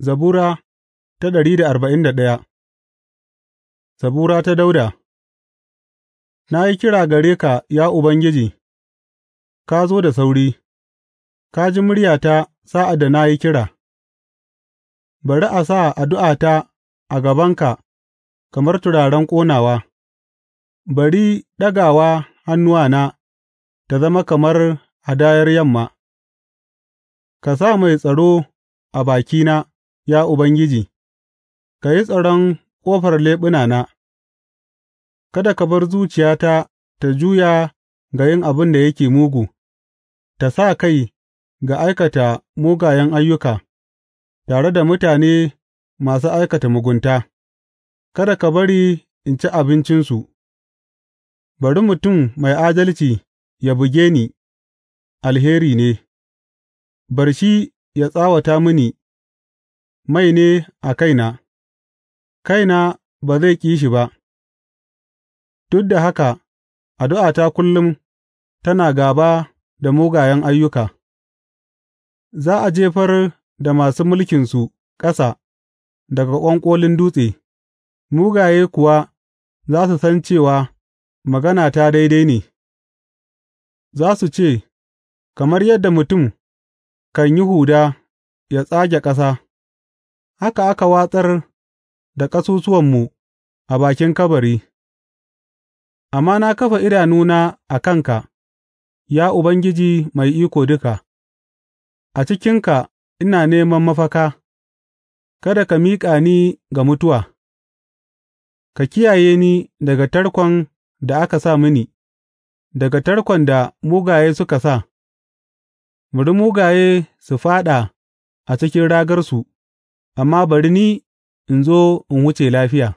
Zabura ta ɗari da arba'in da ɗaya. Zabura ta Dauda Na yi kira gare ka, ya Ubangiji, ka zo da sauri, ka ji muryata sa'ad da na yi kira, bari a sa addu'ata a gabanka kamar turaren ƙonawa, bari ɗagawa hannuwana ta zama kamar hadayar yamma, ka sa mai tsaro a bakina. Ya Ubangiji, ka yi tsaron ƙofar leɓunana; kada ka bar zuciyata ta juya ga yin abin da yake mugu, ta sa kai ga aikata mugayen ayyuka tare da mutane masu aikata mugunta; kada ka bari in ci abincinsu, bari mutum mai adalci ya buge ni, alheri ne; bar shi yă tsawata mini. mai ne a kaina, kaina ba zai ƙi shi ba, duk da haka addu'ata kullum tana gaba da mugayen ayyuka; za a jefar da masu mulkinsu ƙasa daga ƙwanƙolin dutse, mugaye kuwa za su san cewa magana ta daidai ne, za su ce, Kamar yadda mutum kan yi huda ya tsage ƙasa. Haka aka watsar da ƙasusuwanmu a bakin kabari, amma na kafa idanuna a kanka, ya Ubangiji Mai Iko Duka; a cikinka ina neman mafaka, kada ka miƙa ni ga mutuwa, ka kiyaye ni daga tarkon da aka sa mini, daga tarkon da mugaye suka sa, bari mugaye su fāɗa a cikin ragarsu. Amma bari ni in zo in wuce lafiya.